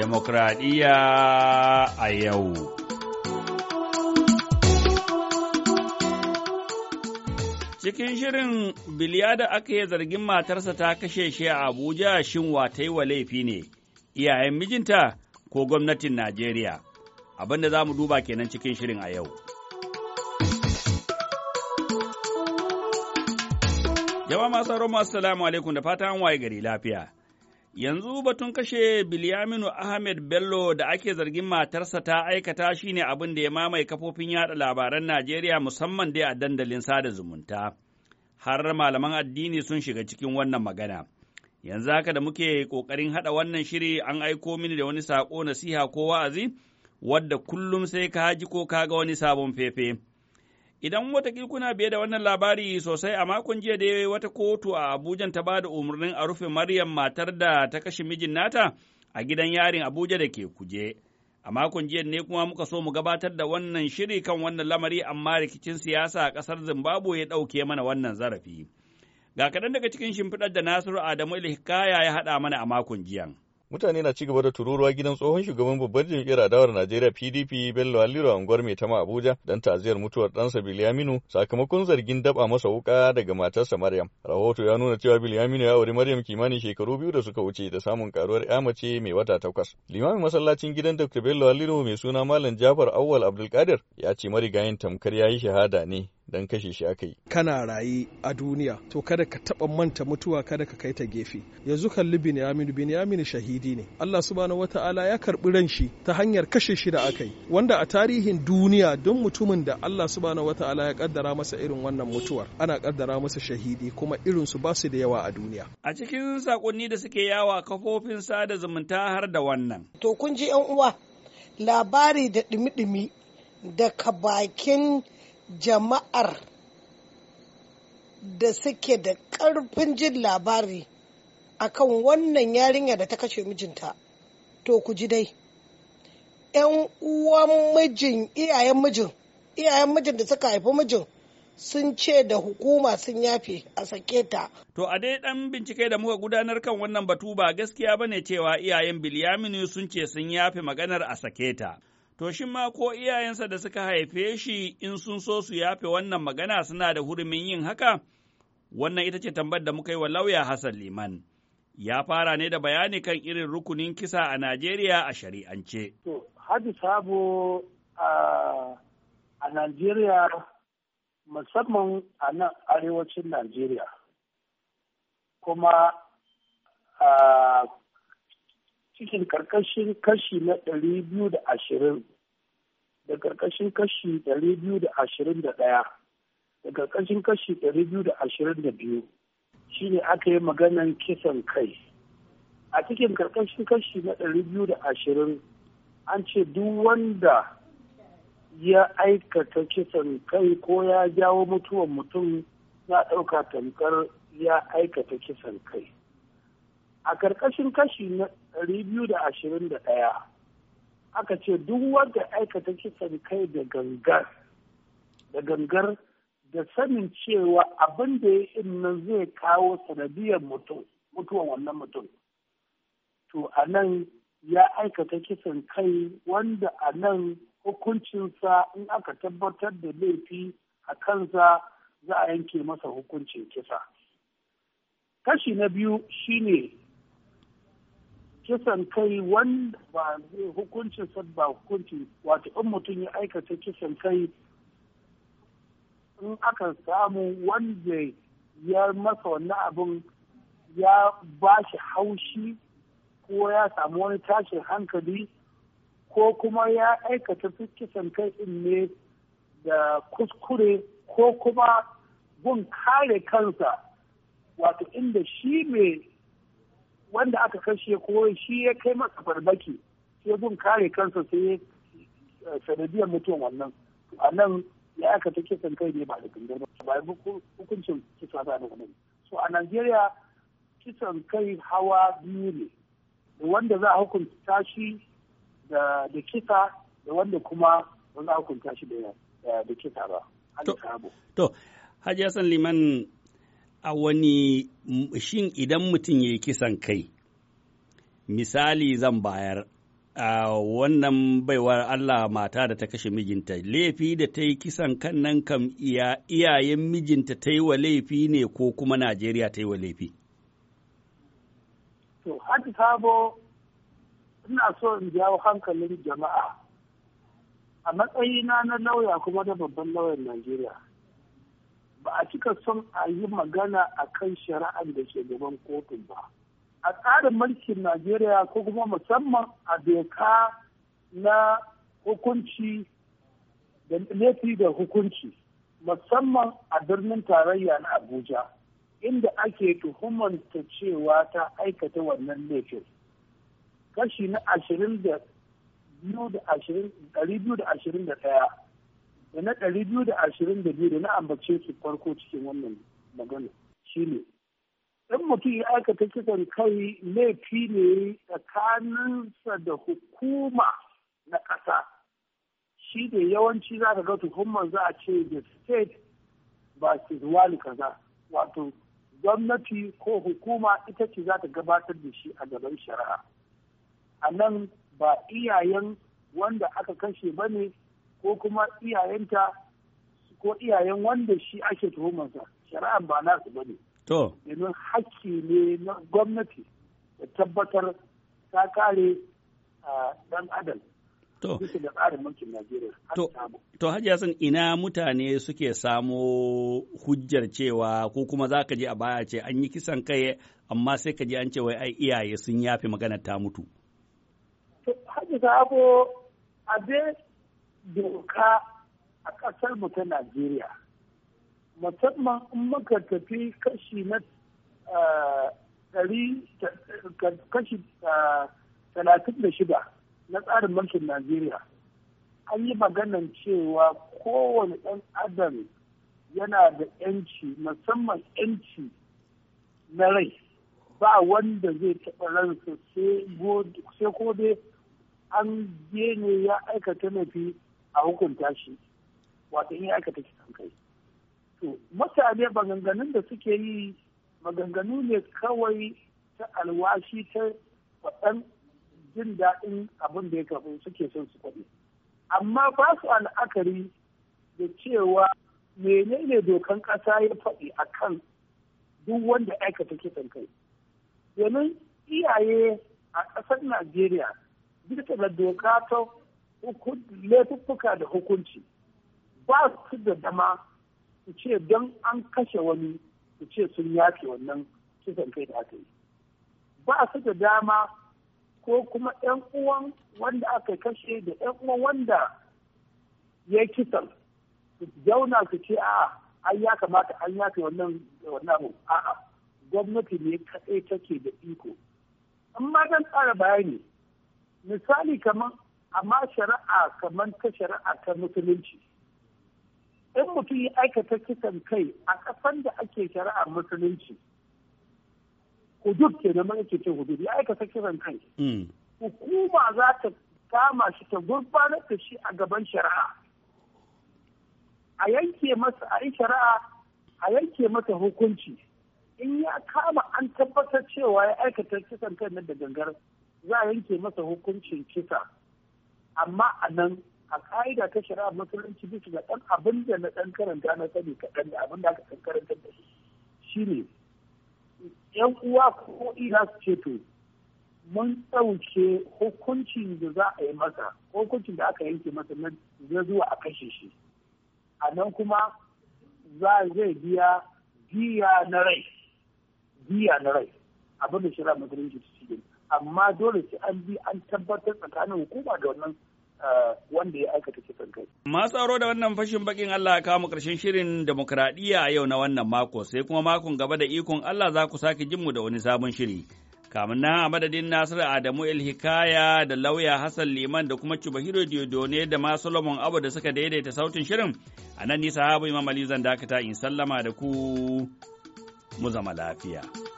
Demokradiyya a yau. Cikin shirin biliya da aka yi zargin matarsa ta kashe shi a Abuja shin wata yi wa laifi ne, iyayen mijinta ko gwamnatin Najeriya. Abinda zamu za mu duba kenan cikin shirin a yau. Jama'a masu masu salamu alaikum da fatan waye gari lafiya. Yanzu batun kashe Bilyaminu Ahmed Bello da ake zargin matarsa ta aikata shine abin da ya mamaye kafofin yada labaran Najeriya musamman dai a dandalin sada zumunta. Har malaman addini sun shiga cikin wannan magana. Yanzu haka da muke ƙoƙarin haɗa wannan shiri an aiko mini da wani saƙo nasiha ko wa'azi, wadda kullum sai ka ji ko ka ga wani sabon fefe. Idan wata kuna biye da wannan labari sosai a makon jiya da wata kotu a Abuja ta ba da umarnin a rufe Maryam matar da ta kashe mijin nata a gidan yarin Abuja da ke kuje. A makon jiya ne kuma muka so mu gabatar da wannan shiri kan wannan lamari amma rikicin siyasa a ƙasar Zimbabwe ya ɗauke mana wannan zarafi. Ga kaɗan daga cikin shimfiɗar da Nasiru Adamu Ilhikaya ya haɗa mana a makon jiyan. mutane na cigaba da tururuwa gidan tsohon shugaban babbar jam'iyyar adawar Najeriya PDP Bello a unguwar mai tama Abuja don ta'aziyar mutuwar ɗansa Bilyaminu sakamakon zargin daba masa wuka daga matarsa Maryam. Rahoto ya nuna cewa Bilyaminu ya auri Maryam kimanin shekaru biyu da suka wuce da samun karuwar ya mace mai wata takwas. Limamin masallacin gidan Dr. Bello Aliro mai suna Malam Jafar Awwal Abdulkadir ya ce marigayin tamkar ya yi shahada ne don kashe shi aka yi kana raye a duniya to kada ka taɓa manta mutuwa kada ka kai ta gefe yanzu kalli binyamin binyamin shahidi ne Allah subhanahu ta'ala ya karbi ran shi ta hanyar kashe shi da aka yi wanda a tarihin duniya don mutumin da Allah subhanahu ta'ala ya kaddara masa irin wannan mutuwar ana kaddara masa shahidi kuma irin su basu da yawa a duniya a cikin sakonni da suke yawa kafofin sada zumunta har da wannan to kun ji yan uwa labari da dumi-dumi daga bakin jama'ar da suke da ƙarfin jin labari akan wannan yarinya da ta kashe mijinta to ku ji dai yan uwan mijin iyayen mijin iyayen mijin da suka haifi mijin sun ce da hukuma sun yafe a sake ta. To a dai 'dan bincike da muka gudanar kan wannan batu ba gaskiya bane cewa iyayen Bilyaminu sun ce sun yafe maganar a sake ta. to shi ma ko iyayensa da suka haife shi in sun so su yafe wannan magana suna da hurumin yin haka? Wannan ita ce tambar da muka yi wa lauya Hassan Liman. Ya fara ne da bayani kan irin rukunin kisa a Najeriya a shari'ance. To, Sabo a Najeriya musamman a nan arewacin Najeriya kuma cikin karkashin kashi na ɗari biyu da ashirin da karkashin kashi ɗari biyu da ashirin da ɗaya da karkashin kashi ɗari biyu da ashirin da biyu ne aka yi maganan kisan kai a cikin karkashin kashi na ɗari biyu da ashirin an ce duk wanda ya aikata kisan kai ko ya jawo mutuwan mutum na ɗauka tamkar ya aikata kisan kai a karkashin kashi na ɗaya. aka ce duk wanda aikata kisan kai da gangar da gangar da sanin cewa abin da ya nan zai kawo sanadiyar mutum mutuwan wannan mutum to a nan ya aikata kisan kai wanda a nan hukuncinsa in aka tabbatar da laifi a kansa za a yanke masa hukuncin kisa kashi na biyu shine kisan kai wanda ba hukuncin sa ba hukunci wato in mutum ya aikata kisan kai in aka samu wanda ya masa wannan abin ya ba shi haushi ko ya samu wani tashin hankali ko kuma ya aikata kisan kai in ne da kuskure ko kuma gun kare kansa wato inda shi mai wanda aka kashe ko shi ya kai masa farmaki sai gun kare kansa sai eh, sanadiyar mutum wannan a nan ya aka ta kisan kai ne ba da gangar ba ya hukuncin kisa ba da wani so a najeriya kisan kai hawa biyu ne da wanda za a hukunta shi da kisa da wanda kuma ba za a hukunta shi da kisa ba to Hajji San Liman a wani shin idan mutum ya yi kisan kai misali zan bayar a wannan baiwar Allah mata da ta kashe mijinta laifi da ta yi kisan kan nan kam iyayen mijinta ta yi wa laifi ne ko kuma Najeriya ta yi wa laifi? To, hati sabo ina so in jawo hankalin jama'a a matsayina na lauya kuma da babban lauyan Najeriya. ba a cika son a yi magana a kan shari'ar da ke kotun ba a tsarin mulkin najeriya ko kuma musamman a doka na hukunci da laifi da hukunci musamman a birnin tarayya na abuja inda ake ta cewa ta aikata wannan laifin kashi na ashirin da biyu da ashirin da ɗaya da na ɗari biyu da ashirin da biyu da na ambace su farko cikin wannan magana shine in mutum ya aikata kisan kai laifi ne tsakaninsa da hukuma na ƙasa shi ne yawanci za ka ga tuhumar za a ce da state ba su ni kaza wato gwamnati ko hukuma ita ce za ta gabatar da shi a gaban shari'a a nan ba iyayen wanda aka kashe ba ne ko kuma iyayenta ko iyayen wanda shi ake tuhumarsa shari'an ba nasu ba ne. To. Domin hakki ne na gwamnati da tabbatar ta kare dan adam. To. Bisa da tsarin mulkin Najeriya. To, to Hajiya san ina mutane suke samo hujjar cewa ko kuma za ka je a baya ce an yi kisan kai amma sai ka je an ce wai ai iyaye sun yafe magana ta mutu. To, Hajiya Sabo, a doka a ƙasar mu ta Najeriya. Musamman in muka tafi kashi na eh, kashi eh, talatin da shida na tsarin mulkin Najeriya. An yi maganan cewa kowane ɗan adam yana da ‘yanci musamman ‘yanci na rai ba wanda zai taɓa ransa sai ko dai an je ne ya aikata nafi a hukunta shi wato in aka ta kisan kai to mutane maganganun da suke yi maganganu ne kawai ta alwashi ta wadan jin daɗin abin da ya karɓi suke son su kwaɗe amma ba su al'akari da cewa menene dokan ƙasa ya faɗi a kan duk wanda aikata kisan kai domin iyaye a ƙasar najeriya bisa da doka ta laifuffuka da hukunci ba su da dama su ce don an kashe wani su ce sun yafe wannan kisan kai da aka yi ba su da dama ko kuma 'yan uwan wanda aka kashe da 'yan uwan wanda ya kisan su zauna su ce a an ya kamata an yafe wannan wannan a a'a gwamnati ne kaɗai take da iko amma don tsara bayani misali kamar amma shari'a kamar ta shari'a ta musulunci in mutum ya aikata kisan kai a kasan da ake shari'a musulunci hudud ke na ake cikin hudud ya aikata kisan kai hmm. hukuma za ta kama shi ta gurbanar da shi a gaban shari'a a yanke masa a yi shari'a a yanke masa hukunci in ya kama an tabbatar cewa ya aikata kisan kai na da gangar za a yanke masa hukuncin kisa amma a nan a ka'ida ta shari'a musulunci bisa ga ɗan abin da na ɗan karanta na sani kaɗan da abin da aka ɗan karanta da shi shine yan uwa ko ina su ce to mun ɗauke hukuncin da za a yi masa hukuncin da aka yanke masa na zuwa a kashe shi a nan kuma za zai biya biya na rai biya na rai abin da shari'a musulunci su ce amma dole sai an bi an tabbatar tsakanin hukuma da wannan Uh, wanda ya aikata kisan kai. Ma tsaro da wannan fashin bakin Allah ya kawo karshen shirin demokradiya a yau na wannan mako sai kuma makon gaba da ikon Allah za ku sake jin mu da wani sabon shiri. Kamun nan a madadin Nasiru Adamu Hikaya da lauya Hassan Liman da kuma Cibahiro Diodone da ma Solomon Abu da suka daidaita sautin shirin a nan nisa habu Imam zan dakata in sallama da ku mu zama lafiya.